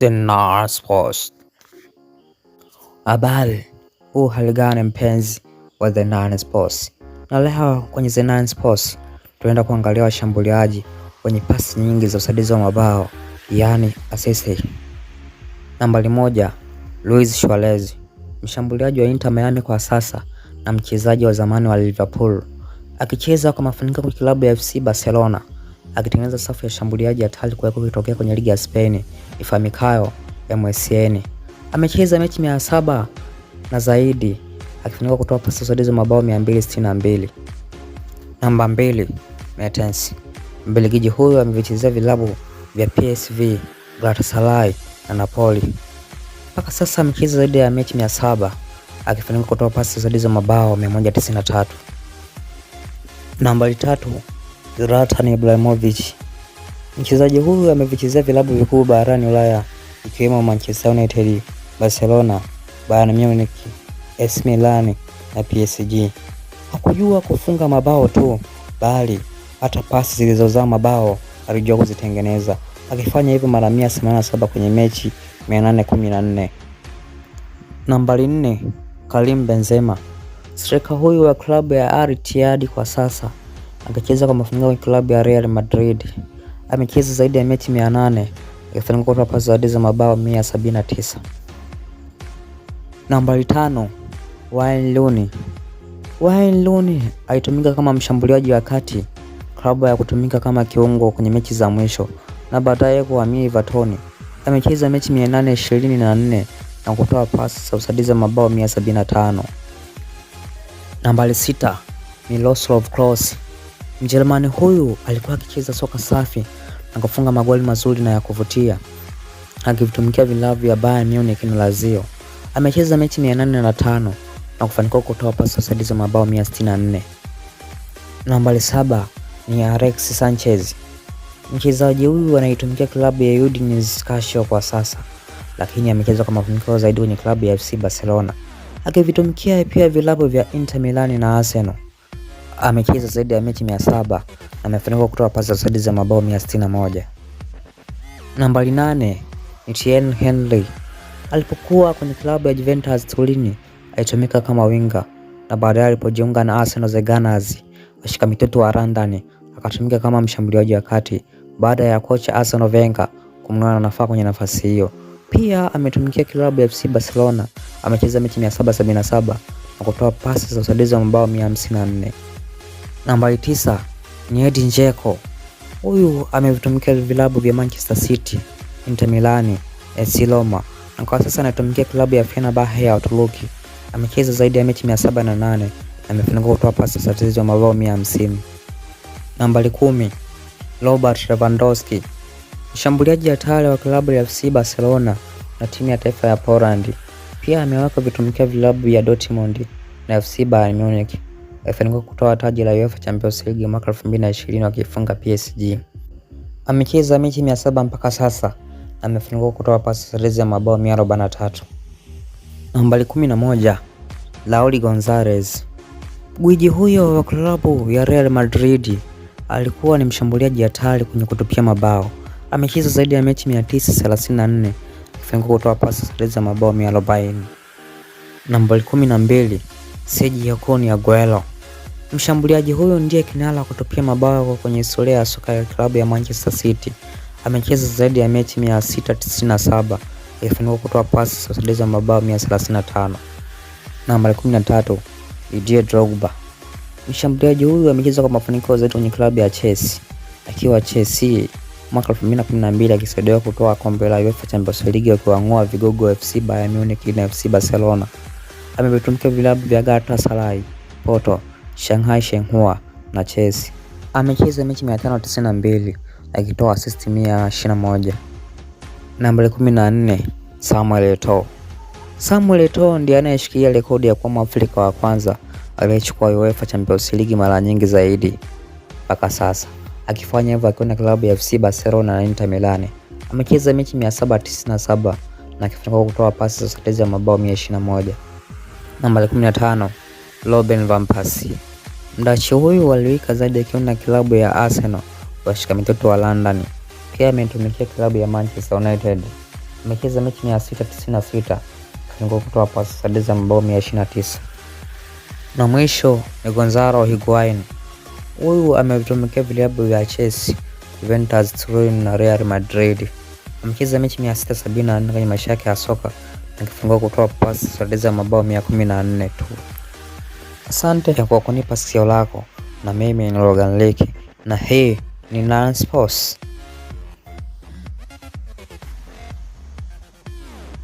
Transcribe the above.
The Nars Post. Habari, huu haligani mpenzi wa The Nars Post, na leo kwenye The Nars Post tunaenda kuangalia washambuliaji wenye pasi nyingi za usaidizi wa mabao, yaani assist. Nambari moja, Luis Suarez, mshambuliaji wa Inter Miami kwa sasa na mchezaji wa zamani wa Liverpool, akicheza kwa mafanikio kwa klabu ya FC Barcelona akitengeneza safu ya shambuliaji hatari kuwahi kutokea kwenye ligi ya Spain ifahamikayo MSN. Amecheza mechi saba na zaidi akifanikiwa kutoa pasi usaidizi mabao 262. Namba 2, Mertens. Mbelgiji huyo amevichezea vilabu vya PSV, Galatasaray na Napoli. Mpaka sasa amecheza zaidi ya mechi 700 akifanikiwa kutoa pasi usaidizi mabao 193. Namba 3, Zlatan Ibrahimovic. Mchezaji huyu amevichezea vilabu vikubwa barani Ulaya ikiwemo Manchester United, Barcelona, Bayern Munich, AC Milan na PSG. Hakujua kufunga mabao tu, bali hata pasi zilizozaa mabao alijua kuzitengeneza, akifanya hivyo mara 187 kwenye mechi 814. Nambari 4, Karim Benzema. Striker huyu wa klabu ya Al kwa sasa akacheza kwa mafanikio kwenye klabu ya Real Madrid. Amecheza zaidi ya mechi 800 akifanikiwa kutoa pasi zaidi za mabao 179. Nambari tano, Wayne Rooney. Wayne Rooney alitumika kama mshambuliaji wa kati klabu ya kutumika kama kiungo kwenye mechi za mwisho na baadaye kuhamia Everton. Amecheza mechi 824 na kutoa pasi za usaidizi za mabao 175. Nambari sita, Miroslav Klose. Mjerumani huyu alikuwa akicheza soka safi na kufunga magoli mazuri na ya kuvutia akivitumikia vilabu vya Bayern Munich na Lazio. Amecheza mechi 805 na, kufanikiwa kutoa pasi sahihi za mabao 164. Nambari saba ni Alexis Sanchez. Mchezaji huyu anaitumikia klabu ya Udinese Calcio kwa sasa, lakini amecheza kwa mafanikio zaidi kwenye klabu ya FC Barcelona akivitumikia pia vilabu vya Inter Milan na Arsenal amecheza zaidi ya mechi 700 amefanikiwa kutoa pasi zaidi za mabao 161. Nambari nane ni Thierry Henry. Alipokuwa kwenye klabu ya Juventus Turin alitumika kama winga na baadaye alipojiunga na Arsenal the Gunners washika mitoto wa London akatumika kama mshambuliaji wa kati baada ya kocha Arsenal Wenger kumnona nafaa kwenye nafasi hiyo. Pia ametumikia klabu ya FC Barcelona, amecheza mechi 777 na kutoa pasi za usaidizi wa mabao 154. Nambari tisa ni Edin Dzeko. Huyu amevitumikia vilabu vya Manchester City, Inter Milan, AC Roma na kwa sasa anatumikia klabu ya Fenerbahce ya Uturuki. Amecheza zaidi ya mechi 708 na amefanikiwa kutoa pasi sahihi za mabao 150. Nambari kumi Robert Lewandowski, mshambuliaji hatari wa klabu ya FC Barcelona na timu ya taifa ya Poland. Pia amewaka vitumikia vilabu ya Dortmund na FC Bayern Munich alifanikiwa kutoa taji la UEFA Champions League mwaka 2020 wakiifunga PSG. Amecheza mechi 700 mpaka sasa na amefanikiwa kutoa pasi serezi ya mabao 143. Nambari 11, Raul Gonzalez. Gwiji huyo wa klabu ya Real Madrid alikuwa ni mshambuliaji hatari kwenye kutupia mabao. Amecheza zaidi ya mechi 934 akifanikiwa kutoa pasi serezi ya mabao 140. Nambari 12, Sergio Kun Aguero. Mshambuliaji huyu ndiye kinara wa kutupia mabao kwenye historia ya soka ya klabu ya Manchester City. Amecheza zaidi ya mechi 697, alifanikiwa kutoa pasi za mabao 135. Namba 13, Didier Drogba. Mshambuliaji huyu amecheza kwa mafanikio zaidi kwenye klabu ya Chelsea, akiwa Chelsea mwaka 2012 akisaidia kutoa kombe la UEFA Champions League akiwaang'oa vigogo FC Bayern Munich na FC Barcelona. Amevitumikia vilabu vya Galatasaray, Porto Shanghai Shenhua na Chelsea. Amecheza mechi 592 akitoa assist 121. Nambari 14 Samuel Eto'o. Samuel Eto'o ndiye anayeshikilia rekodi ya kuwa Mwafrika wa kwanza aliyechukua UEFA Champions League mara nyingi zaidi mpaka sasa, akifanya hivyo akiwa na klabu ya FC Barcelona na Inter Milan. Amecheza mechi 797 na akifanikiwa kutoa pasi za usaidizi ya mabao 121. Nambari 15 Robben van Persie. Mdachi huyu aliwika zaidi akiwa na klabu ya Arsenal, washika mitoto wa London. Pia ametumikia klabu ya Manchester United. Amecheza mechi 696 katika kutoa pasi sadi za mabao 129. Na mwisho ni Gonzalo Higuain. Huyu ametumikia vilabu vya Chelsea, Juventus, Turin na Real Madrid. Amecheza mechi 674 kwenye maisha yake ya soka na kifungua kutoa pasi sadi za mabao 114 tu. Asante kwa kunipa sikio lako, na mimi ni Logan Lake na hii ni Nance Sports.